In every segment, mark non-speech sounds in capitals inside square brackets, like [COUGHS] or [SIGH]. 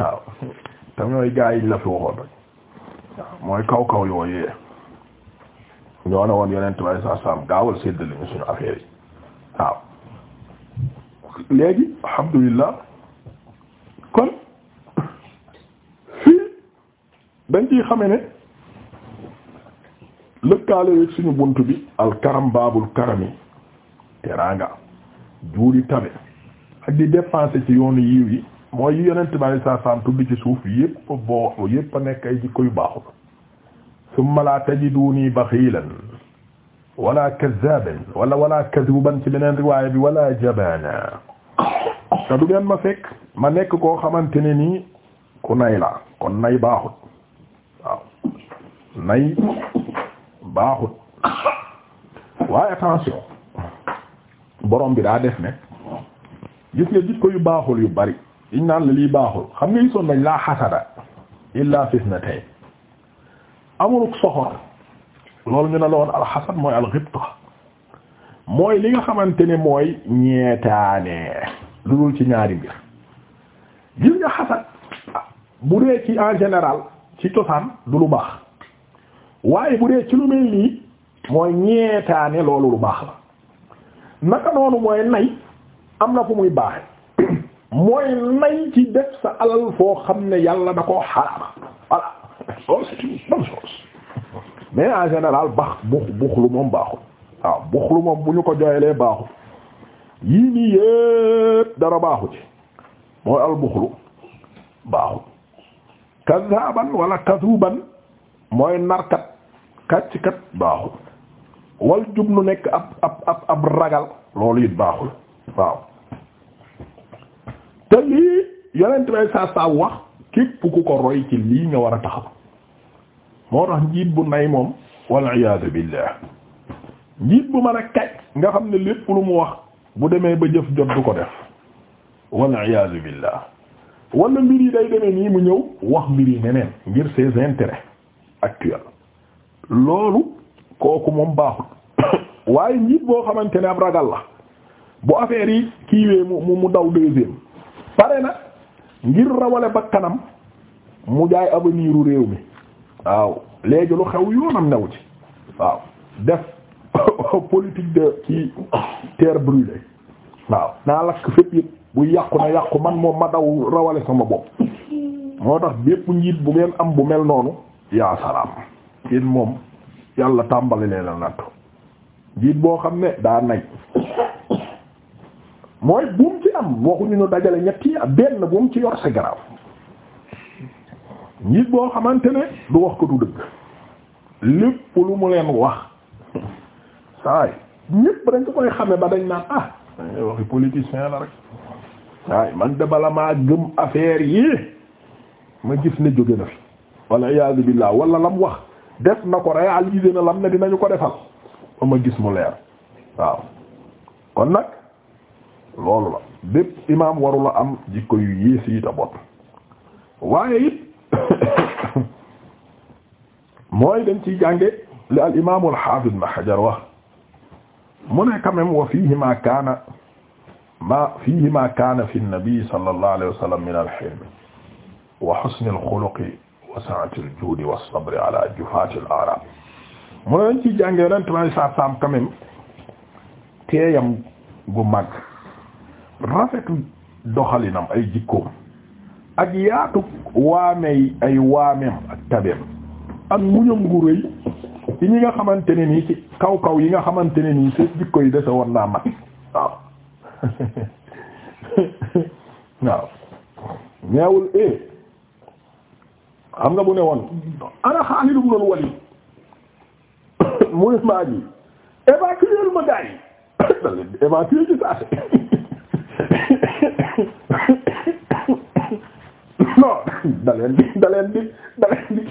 waaw te mooy gaa yi la fi waxoon mooy kaw kaw yooyee ñoo ne woon yonent bi saa saam gaawal séddale ñu suñu affaire waaw léegi alhamdulillah kon fii dañ ciy xame ne lëkkaale yeeg suñu bunt bi alkaram baabul karami teraanga juuri tabe ak di dépenser ci yoonu yiw yi mooy yi yonent bi alei saat salaam ci suuf yépp boo yépp a nekk ay jikko yu baaxul summa la tajiduni baxilan wala kazaban wala wala kazuban ci beneen riwaaya bi wala jabana te du ngeen ma fekk ma nekk koo xamante ne nii ku nay la kon nay baaxul waaw nay baaxut waaye attention borom bi daa def ne gis nga jikko yu baaxul yu bari liñ naan la lii baaxul xam nga gisoon nañ laa xasada illaa fitnatayn amuluk soxor loolu ñu ne la woon alxasad mooy alxibta mooy li nga xamante ne mooy ñeetaane lu dul ci ñaari mbir gis nga xasad bu dee ci en général ci cosaan du lu baax waaye bu dee ci lu mel nii mooy ñeetaane loolu lu baax la naka noonu mooy nay am na fu muy baaxe mooy nay ci def sa alal foo xam ne yàlla da ko xaraama voilà loolu c'est une bonne chose mais en général baax bux buxlu moom baaxul waaw buxlu moom bu ñu ko jooyalee baaxul yii nii yépp dara baaxu ci mooy al buxlu baaxul kazaban wala kazuban mooy narkat kàcckat baaxul wal jub nu nekk ab ab ab ab ragal loolu it baaxul waaw te lii yonent bay saa saa wax képp ku ko roy ci lii nga war a taxaw moo tax njiit bu nay moom wal iyaadu billah njiit bu mën a kaj nga xam ne lépp lu mu wax bu demee ba jëf jot du ko def wal iyaadu billah wala mbir yi day demee nii mu ñëw wax mbir yi neneen ngir ses intérêts actuels loolu kooku moom baaxul [COUGHS] waaye njiit boo xamante ne ab ragal la bu affaire yi kiiwee mu mu daw deuxième pare na ngir rawale bakkanam mu jaay avenir u réew mi waaw léegi lu xew yoonam new ci waaw def [LAUGHS] politique de ci terre brûlée waaw naa lakk fépp yëpp bu yàqu na yàqu man moom ma daw rawale sama bopp moo tax bépp njiit bu ngeen am bu mel noonu yaa salaam yéen moom yàlla tàmbali leen la nattu njiit boo xam ne daa nay mooy buum ci am waxuñu ñu dajale ñetti benn buum ci yor sa garaaw boo xamante ne du wax ko du dëgg lépp lu mu leen wax saay ñépp dañ ko koy xame ba dañ naan ah waxi politicien la rek waaye man de bala maa gëm affaire yi ma gis ne jóge na fi walla iyaazu billaah wala lam wax def na ko réaliser na lam ne dinañu ko defal ba ma gis mu leer waaw kon nag loolu la bépp imaam warula am jikko yu yées yi ta bot waaye it [COUGHS] mooy dañ ciy jànge li al imaam al haafid ibn Hajar wax mu ne quand même wa fiihi maa kaana ma fiihi maa kaana fi an-nabi sallallahu alayhi wa sallam min al-hilm wa husn al-khuluq wa sa'ati al-juud wa as-sabr ala jufaat al-a'raab mu ne dañ ciy jànge ren tamit saa saam quand même teeyam gu mag. rafetu doxalinam ay jikkoom ak yaatu waamey ay waameem ak tabeem ak muñam gu rëy ci ñi nga xamante ne nii ci kaw kaw yi nga xamante ne nii seen jikko yi dese woon naa mat waaw [LAUGHS] neewul e xam nga bu ne woon ana Xaalid ibn Walid [COUGHS] mu ne maa ji évacuer ma gars yi [COUGHS] daleen évacuer ci saase non da leen di da leen di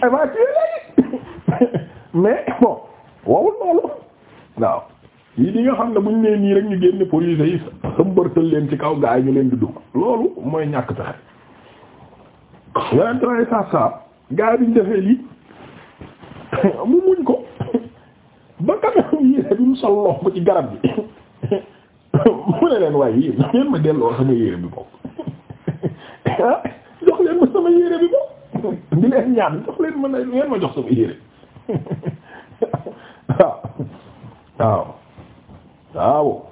mais bon loolu waaw yii di nga xam ne buñ nee nii rek ñu génne police yi sëmbërtal leen ci kaw gaa yi ñu leen di dugg loolu mooy ñàkk pexe yeneen traité saa saa gaa yi biñ defee lii mu muñ ko ba kanam yii rek duñ sol loxo ci garab bi. mu ne leen waaye yéen ngeen ma delloo sama yére bi bopp ah, jox leen ma sama yére bi bopp di leen ñaan jox leen ma ne ngeen ma jox sama yére waaw ah, waaw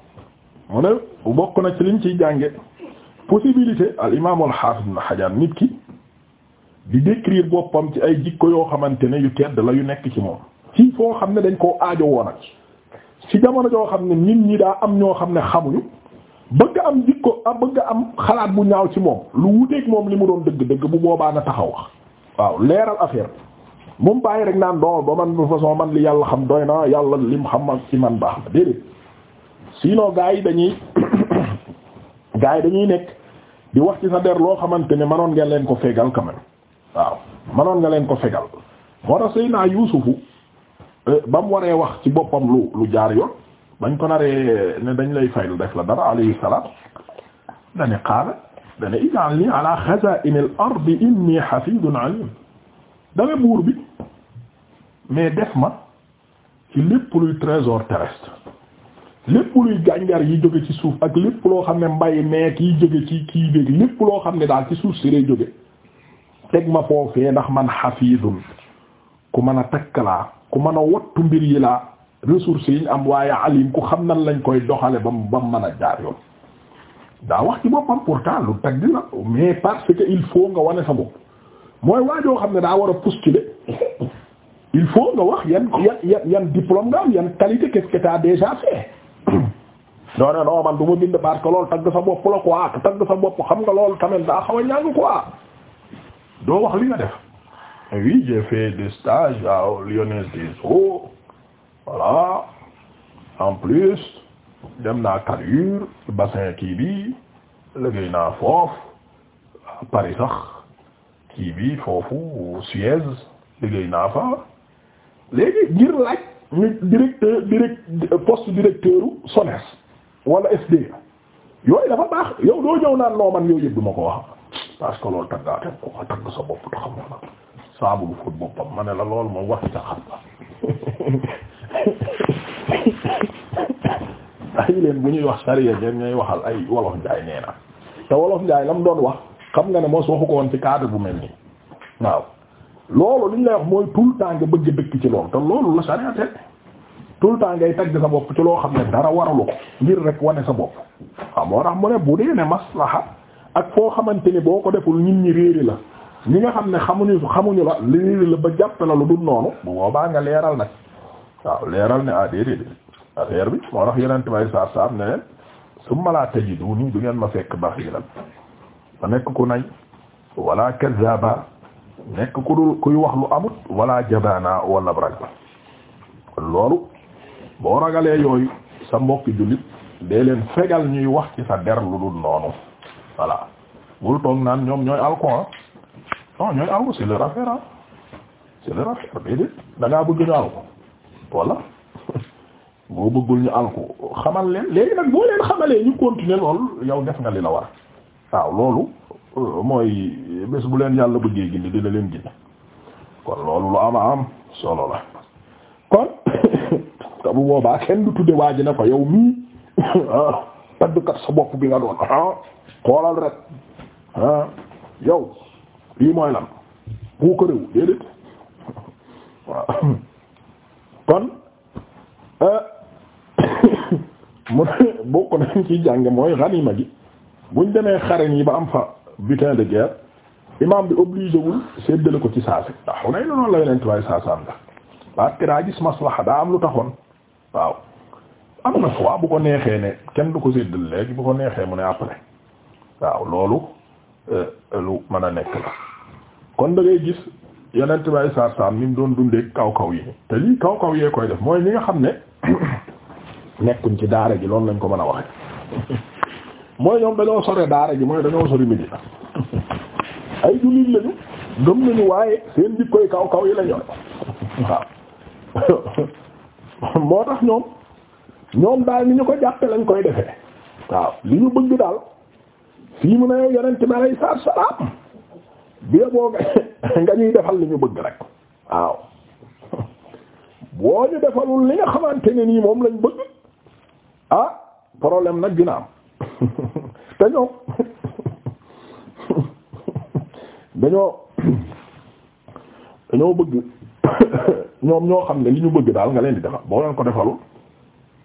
waaw mu bokk na ci liñ ciy jànge possibilité al imaam al haafid ibn Hajar nit ki di décrire boppam ci ay jikko yoo xamante ne yu tedd la yu nekk ci moom ci foo xam ne dañ koo aajo woon ci jamono joo xam ne nit ñi daa am ñoo xam ne xamuñu bëgg am jikko ah, bëgg am xalaat bu ñaaw ci moom lu wuteeg moom li mu doon dëgg-dëgg bu boobaa na taxaw waaw leeral affaire bi mu bàyyi rek naan dool ba man de façon man li yàlla xam doy na yàlla lim xam ak ci man baax ma déedéet sinon gars yi dañuy [COUGHS] gaa yi dañuy nekk di wax ci sa der loo xamante ne manoon nga leen ko fegal quand même waaw manoon nga leen ko fegal moo tax Yuusufu Euh, ba mu waree wax ci boppam lu lu jaar yoon bañ ko naree ne dañ lay fay lu def la dara alayhi salaam dane qaala dane ij'alni ala xazaa'ini al inni xafidun alim dane buur bi mais def ma ci lépp luy trésor terrestre lépp luy gànjar yi jóge ci suuf ak lépp loo xam ne mbay meek yi jóge ci kii béeg lépp loo xam ne daal ci suuf si lay jóge teg ma foofee ndax man xafidun ku mën a takk laa ku mën a wattu mbir yi laa ressources yi ñu am waaye alim ku xam nan lañ koy doxale ba mu ba a jaar yoon daa wax ci boppam pourtant lu tagg la mais parce que il faut nga wane sa bopp mooy waajoo xam ne daa war a postuler il faut nga wax yan yan yan diplôme nga am yan qualité qu'est-ce que t'as déjà fait [COUGHS] non non non man du ma bind parce que loolu tagg sa bopp la quoi tagg sa bopp xam nga loolu tamit daa xaw a ko quoi doo wax li def. oui j'ai fait des stages à Lyonnaise des Eaux voilà en plus dem naa Caluire bassin kii bi liggéey naa foofu Paris sax kii bi foofu Suez liggéey naa fa léegi ngir laaj ñu directeur direct poste directeur u SONES wala SDE yooyu dafa baax yow doo ñëw naan noo man yooyu yëpp du ma ko wax parce que loolu taggaate ko ko tagg sa bopp ta xamoona saabu du fóot boppam ma ne la loolu moom wax sa xam la ay leen bu ñuy wax sariya ñeen ñooy waxal ay wolof njaay nee te wolof njaay la mu doon wax xam nga ne moo waxu ko woon ci cadre bu mel nii waaw loolu li ñu wax mooy tout le temps nga bëgg dëkk ci loolu te loolu la sariya te tout le temps ngay tagg sa bopp ci loo xam ne dara waralu ko ngir rek wane sa bopp waaw moo tax mu ne bu dee ne maslaha ak foo xamante ni boo ko deful nit ñi réeri la li nga xam ne xamuñu xamuñu la lii la ba jàpp la lu dul noonu bu boobaa nga leeral nag waaw leeral ne ah déedéet affaire bi moo tax yeneen may saar saar ne leen summa la tajiduni du ngeen ma fekk baxiilan ma nekk ku nay wala kazzaba nekk ku dul kuy wax lu amut wala jabana wala brag kon loolu boo ragalee yooyu sa mbokk jullit dee leen fegal ñuy wax ci sa der lu dul noonu voilà bul toog naan ñoom ñooy alcool non ah, ñooy alku c'est leur affaire ah c'est leur affaire déedéet da bëgg ñu alku voilà [LAUGHS] boo bëggul ñu alku xamal leen léegi nag boo leen xamalee ñu continuer loolu yow def nga li la war waaw loolu euh, mooy bés bu leen yàlla bëggee gindi dina leen gindi kon loolu lu ama am solo la kon [COUGHS] te boobaa kenn du tudde waa ji ko yow mii [COUGHS] ah, taddukat sa bopp bi nga doon ah, xoolal rek yow lii mooy lan ku ko réew déedéet [LAUGHS] waaw kon euh, [COUGHS] mu ne bokk nañ ci jànge mooy xaniima gi buñ demee xaren yi ba am fa butin de guerre imam bi obligé wul séddale ko ci saase ndax xunay la noonu la yeneen tubaay saasaam la parce que daa gis maslaha daa am lu taxoon waaw am na bu ko neexee ne kenn du ko séddale léegi bu ko neexee mu ne après waaw loolu euh, lu mën a nekk la kon da ngay gis yeneen tubaab saar saar mi mu doon dundee kaw kaw yi te lii kaw kaw yee koy def mooy ñi nga xam ne [COUGHS] nekkuñ ci daara ji loolu lañ ko mën a waxe [COUGHS] mooy ñoom dañoo sore daara ji mooy dañoo sori midi [COUGHS] ay jullit lañu gëm nañu waaye seen jikkoy kaw kaw yi la ñor waaw moo tax ñoom ñoom daal ni ñu ko jàppe lañ koy defee waaw li ñu bëgg daal fii mu ne yow yeneen tubaab yi saar saar bi boo [LAUGHS] nga ñuy defal li ñu bëgg rek waaw boo ñu defalul li nga xamante ne nii moom lañ bëgg ah problème nag dina am [LAUGHS] te ñoom [LAUGHS] dañoo dañoo bëgg [COUGHS] ñoom ñoo xam ne li ñu bëgg daal nga leen di defal boo leen ko defalul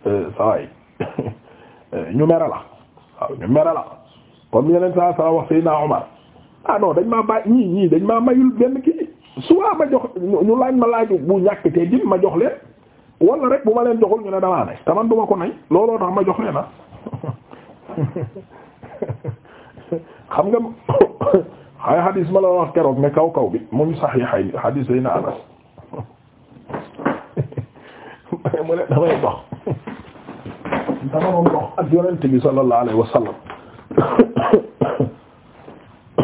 saa euh, yi euh, ñu mere la waaw ñu mere la comme yeneen saa saa wax Seydina Omar ah dañ maa bàyyi ñii ñii dañ maa mayul benn kii soit ma jox ñu laaj ma laaju bu ñàkk te jim ma jox leen wala rek bu ma leen joxul ñu ne damaa nay taman du ma ko nay looloo tax ma jox leen ah. nga xay ma la wax keroog ne kaw kaw bi mu ngi saxiixay hadis anas mu ne damay dox dama doon dox ak yonent bi sallallahu alayhi wa sallam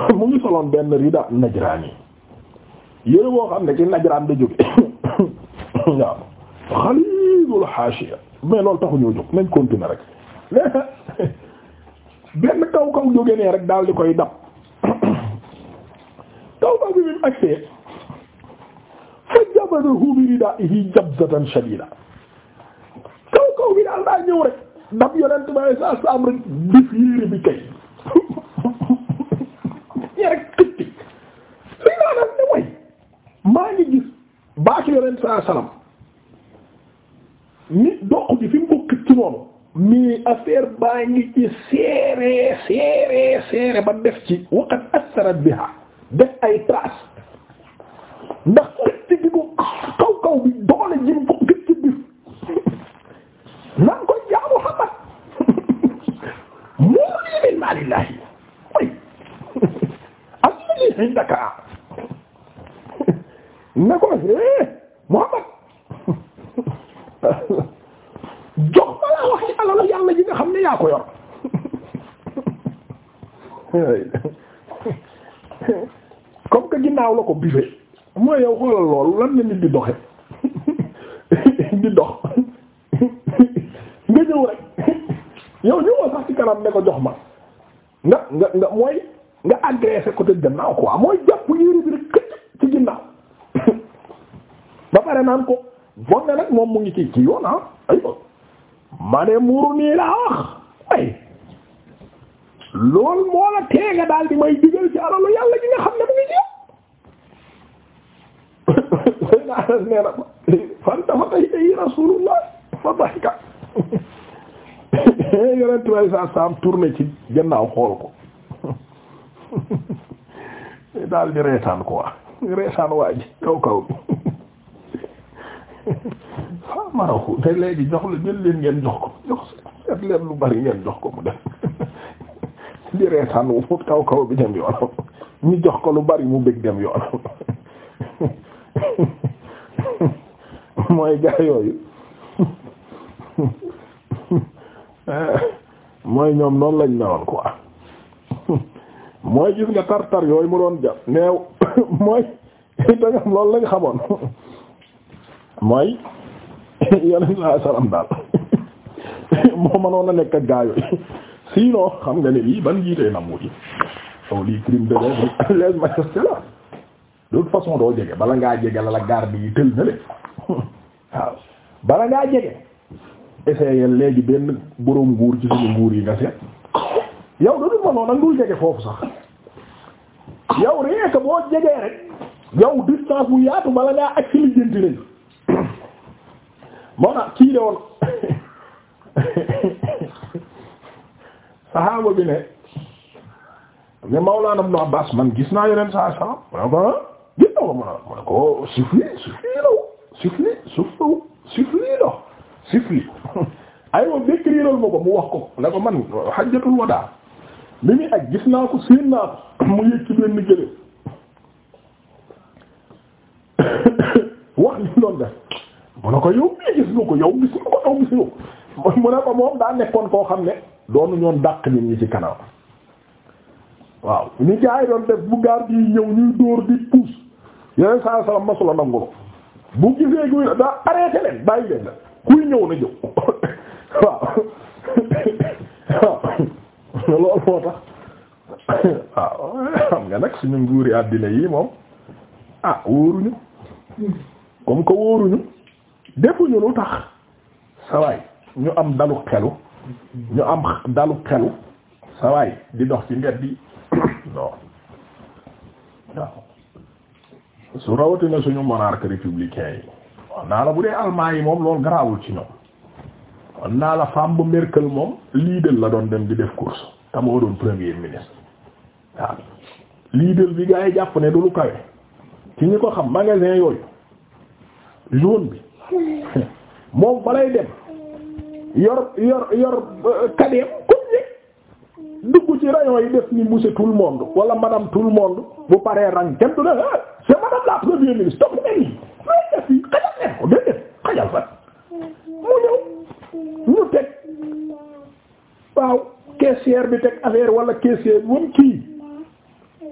[COUGHS] mu ngi soloon benn rida najraani yére boo xam ne ci najraan da jóge [COUGHS] waaw xaliidul haashiya mais loolu taxu ñoo jóg nañ continuer rek [COUGHS] benn kaw kaw jóge nee rek daal di koy dab kaw kaw bi daal daa ñëw rek dab yonent ba saa saam rek def yére bi kay sallallahu alayhi wasallam ni doq ji fi mu bokk ci noonu mais affaire baa ngi ci seere seere seere ba def ci waqat asarat biha def ay trace ndax xëcc bi ko kaw kaw bi doole jim ko xëcc bi naan ko yaa Muhammad moo lii min maalillahi way am na lii indaka ne ko hee eh. Muhammad jox ma laa wax alalu yàlla ji nga xam ne yaa ko yor comme que ginnaaw la ko bifee mooy yow xoolal loolu lan la nit di doxe di dox nga ñëw rek yow sax ci kanam ne ko jox ma nga nga nga mooy nga agressé côté gannaaw quoi mooy jàpp yéri bi rek ba pare naan ko bon ne nag moom mu ngi ci ci yoon ah ma ne muru nii laa ay loolu moo la teega daal di may digal ci alalu yàlla gi nga xam ne mu ngi ci [LAUGHS] naanas nee na fan dafa tay ay rasulullah fa dahika [LAUGHS] yonent way sa sam tourné ci gannaaw xool ko [LAUGHS] daal di reetaan quoi reetaan waa ji kaw kaw marahu ne léegi jox la jël leen ngeen jox ko jox seet leen lu bari ngeen jox ko mu def [LAUGHS] di reetaan wu mu dem ñu jox ko lu bari mu bëgg dem yoonam [LAUGHS] mooy gaa yooyu [LAUGHS] mooy ñoom noonu lañ meloon quoi mooy gis nga tar-tar yooyu mu doon jàpp mais mooy dangam loolu lañ xamoon mooy yeneen saa salaam daal [LAUGHS] moo mënoon a nekk ak gaa yooyu [LAUGHS] sinon xam nga ne lii ban jiitee namu yi oh, lii crime de lèse [LAUGHS] majesté la de toute façon doo jege bala ngaa jege la la garde yi tël na leen bala ngaa jege essayé léegi benn boroom nguur ci suñu nguur yi nga seet yow de toute façon nag dul jege foofu sax yow rien boo jegee rek yow distance bu yaatu bala ngaa ak ci lijjanti leen moo tax kii de woon saxaaba bi ne ne Mawlaana Ibn Abbaas man gis naa yeneen saa saa ma ko ah, gis naa ko ma ne ko sifli sifli law sifli sifli sifli law [LAUGHS] sifli aywa ko mu wax ko ne man hajjatul wadaa mi muy ak gis naa ko séen naa ko [COUGHS] mu yëg benn jële [COUGHS] wax ni doon def mu ne ko yow mii gis nga ko yow gis nga ko yow gis nga ko mu ne ko moom daa nekkoon koo xam ne doonu ñoon dàq nit ñi ci kanam waaw ni gaay doon def bu gaar gi ñëw ñuy dóor di puus yeneen saa salaam masula nangu bu gisee guy daa arrêté leen bàyyi leen la kuy ñëw na ñëw [LAUGHS] waaw [LAUGHS] waaw loolu moo tax [LAUGHS] waaw xam nga nag suñu nguuri àddina yi moom ah wóoruñu comme que wóoruñu defuñu lu tax sawaay ñu am dalu xelu ñu am dalu xelu sawaay di dox ci mbedd yi [COUGHS] non waaw su rawatina suñu monarque républicain yi wan naa la bu dee allemand yi moom loolu garaawul ci ñoom wan naa la femme bu Merkel moom leader la doon dem di def course te moo doon premier ministre waaw leader bi gaa yi jàpp ne du lu kawe ci ñi ko xam magasin yooyu jaune bi [LAUGHS] moom balay dem yor yor yor euh, kadeem comme ñëpp dugg ci rayon yi def ni monsieur tout monde wala madame tout le monde bu paree rang kenn du ne ah c'est madame la première ministre topp nañ nii xajal leen ko déedéet xajal fan mu ñëw ñu teg waaw caissière bi teg affaire wala caissière moom kii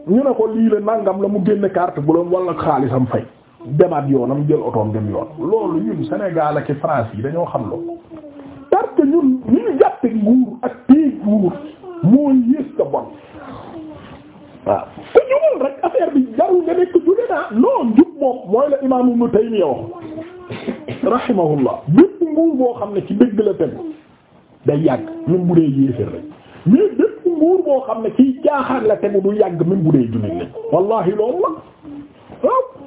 ñu ne ko lii la nangam la mu génn carte bu doon xaalisam fay. demaat yoonam jël otoom dem yoon loolu ñun Sénégal ak France yi dañoo xam loolu parce ñun ñu ñu jàppe nguur ak téye nguur moo yées ka bon waaw ku jubal rek affaire bi jarul nga nekk julee naa non jub moom mooy la imaam Ibnu Taymiyya wax rahimahullah bépp nguur boo xam ne ci dëgg la tegu day yàgg même bu dee yéeféer rek mais bépp nguur boo xam ne ci jaaxaar la bu dee jullit lañ wallahi loolu la waaw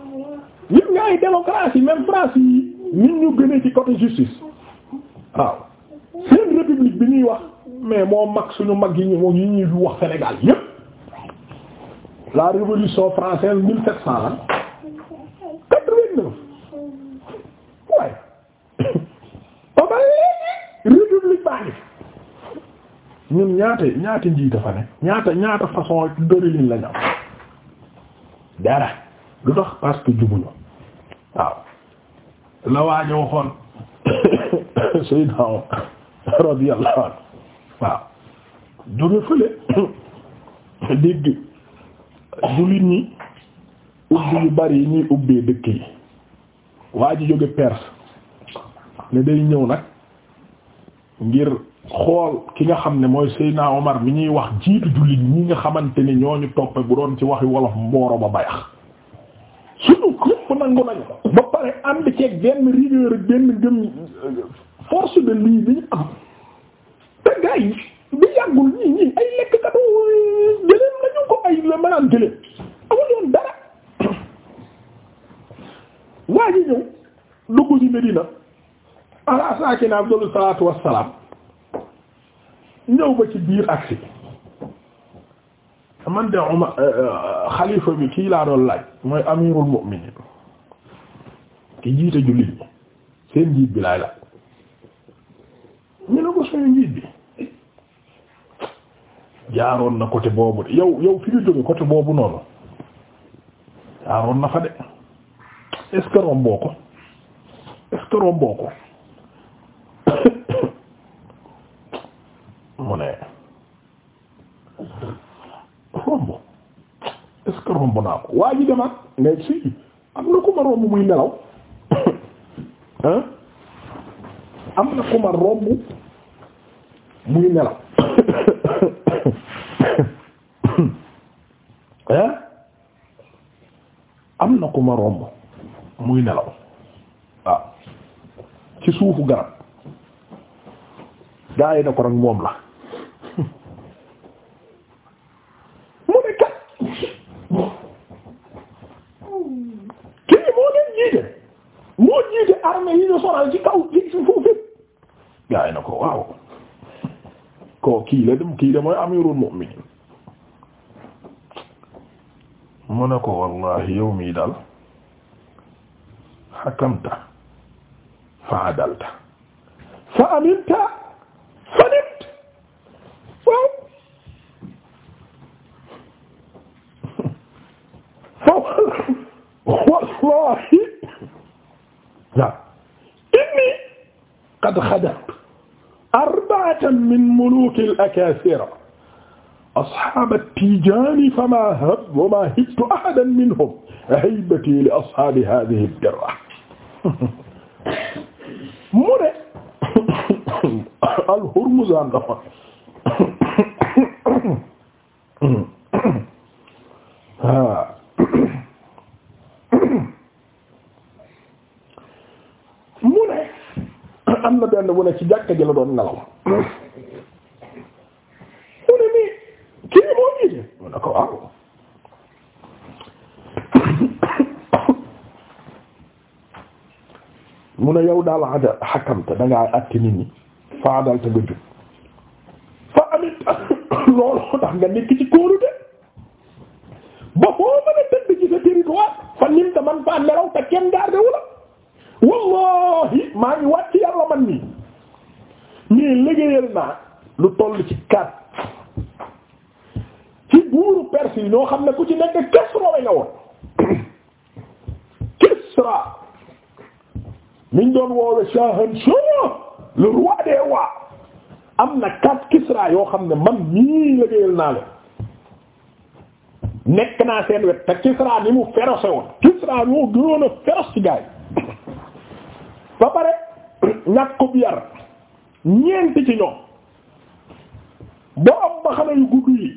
nit nga ay démocratie même France yi nit ñu gënee ci côté justice waaw seen république bi ñuy wax mais moo mag suñu mag yi ñu moom ñuy wax Sénégal yépp la révolution française mille sept cent lan quatre vingt waaye [LAUGHS] ba république baa ngi ñun ñaata ñaata njiit dafa ne ñaata ñaata façon dorelin la dara lu tax parce que jubuñu waaw la waajo waxoon [COUGHS] sayyidna radiyallahu anhu waaw jóge fële [COUGHS] dégg jullit ñi ubbi yu bari yi ñuy ubbee dëkk yi waa ji jóge Perse ne day ñëw nag ngir xool ki nga xam ne mooy Seydina Omar mi ñuy wax jiitu jullit ñi nga xamante ne ñooñu toppe bu doon ci waxi wolof mbooro ba bayax ñépp nangu nañu ko ba pare ànd ceeg benn rigueur benn gëm force de lii bi ñu am te bi yàggul ñi ñi ay lekk katu gëléem nañu ko ay la maanaam gëléem amul dara waa ji ñëw dugg ci Medina ala saakina afdalu salaatu wassalaam ñëw ba ci biir aksi man de Umar euh, euh, xalifa bi kii laa mooy amirul mu'minin ki jiite jullit bi seen jiit bi laay la ñu ne ko seen jiit bi jaaroon na côté boobu de yow yow fi ñu jóge côté boobu noonu jaaroon na fa de est romboo ko est romboo ko [COUGHS] mu romb est romb naa ko waa ji ngay si am na ko ma romb muy nelaw [COUGHS] am na ku ma romb muy nelaw ah am na ku ma romb muy nelaw waaw ci suufu garab gaa yi na ko rek moom la jaay na ko waaw ko kii la dem kii la mu ne ko wallahi yow mii daal fa adalta fa aminta fa nit waaw wallahi inni qad xada malikan min mulukil akasira asxaaba tijaani famaa hab wa maa hittu ahadan minhum haybati li asxaabi haadihi dirra mu ne al-Hurmuzan dafa ah bu ne ci jàkka ji la doon nelaw mun a nii kii moo jiite mu ne ko waaw mu ne yow daal ada xakamte da ngaa àtte nit ñi faadal te nga jub fa amit loolu tax nga nekk ci ko liggéeyal naa lu toll ci kat ci buuru Perse yi ñoo xam ne ku ci nekk Kisra la nga woon Kisra miñ doon woowe Shahanshah le roi des rois am na kat Kisra yoo xam ne man mii liggéeyal naa la nekk naa seen wet te Kisra ni mu féroce woon Kisra ñoo gënoon a féroce ci gaay ba pare ñàkk ko bi ñeenti ci ñoom borom mbaxana yu gudd yi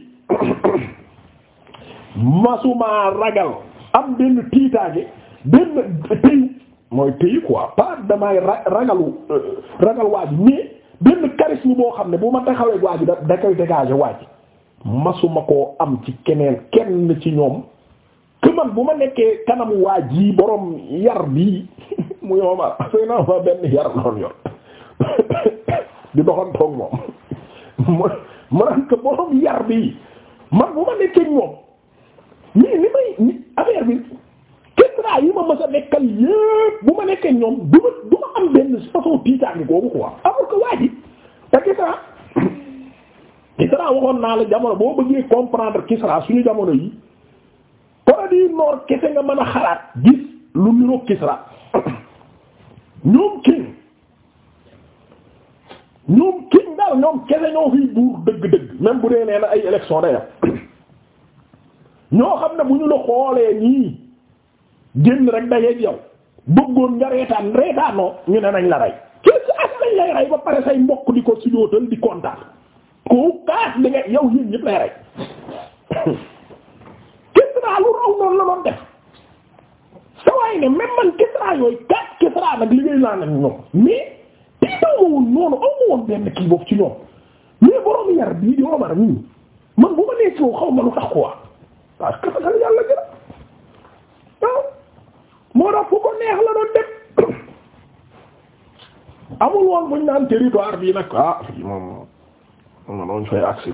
[COUGHS] masuma ragal am benn tiitaage benn tëyu mooy tëyu quoi pas damay ragalu euh, ragal waa mais benn charisme boo xam ne bu ma taxawee waa ji da da koy dégager masuma koo am ci keneen kenn ci ñoom que man bu ma nekkee kanamu waa ji boroom yar bii mu yooma sëy benn yar loon yor [COUGHS] di doxantoog moom mu mu naan yar bi man bu ma nekkee moom nii li may affaire bi kestraa yi ma mës a nekkal bu ma nekkee ñoom du ma du ma am benn façon tiitaange googu quoi alors que waa ji te Kisra Kisra [COUGHS] waxoon naa la jamono boo bëggee comprendre Kisra suñu jamono yi paradis nord kese nga mën a xalaat gis lu niroog Kisra [COUGHS] ñoom king ñoom kiñ daal ñoom kese ñoo fiy buur dëgg-dëgg même bu dee nee na ay élection day am ñoo xam ne bu ñu la xoolee nii génn rek dajeeg yow bëggoon nga reetaan reetaanoo ñu ne nañ la rey kii si as lañ lay rey ba pare say mbokk di ko sujootal di kontaan koo kaas di nga yow yéen ñëpp lay rey Kisra lu raw noonu la doon def sa waay ne même man Kisra kaas Kisra nag liggéey naa nag ñoom mais. xaw ma woon noonu aw ma woon benn kii boobu ci ñoom mais borom yar bii di Omar nii man bu ma nee ci xaw ma lu tax quoi parce que dafa yàlla gën moo tax ko neex la doon dem [COUGHS] amul woon buñ naan territoire bii nag ah fii moom moom noonu fay agsi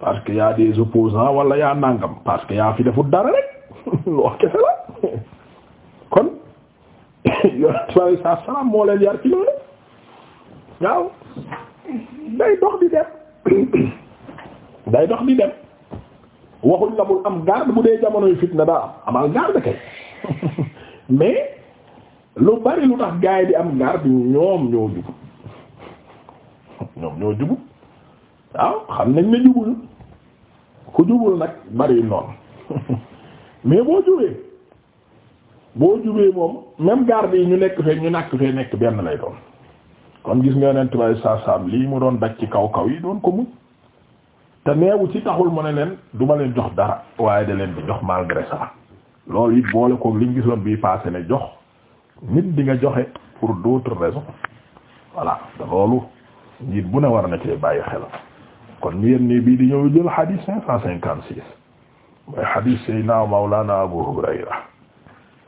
parce que y des opposants wala y a nangam parce que yaa fi defut dara rek [LAUGHS] loo kese la. yonent bi saa salaam moo leen yar ci waaw day dox di dem day dox di dem waxuñ la bul am garde bu dee jamonoy fitna daa am garde kay [LAUGHS] mais lu bari lu tax gaay di am garde ñoom ñoo jub ñoom ñoo jubu waaw xam nañ ne jubul ku jubul nag bari noonu [LAUGHS] mais boo jubee boo jubee moom même garde yi ñu nekk fee ñu nakk fee nekk benn lay doon kon gis nga yonent bay saasaam lii mu doon daj ci kaw kaw yi doon ko muñ te neewu ci taxul mu ne leen duma ma leen jox dara waaye da leen di jox malgré ça loolu it boole ko liñ gisoon bii passé ne jox nit di nga joxe pour d'autres raisons voilà te loolu njiit bu ne war na ci bàyyi xel kon ñu yenn bii di ñëw jël hadith cinq cent cinquante six mooy hadith Seydina Mawlana Abu Hurayra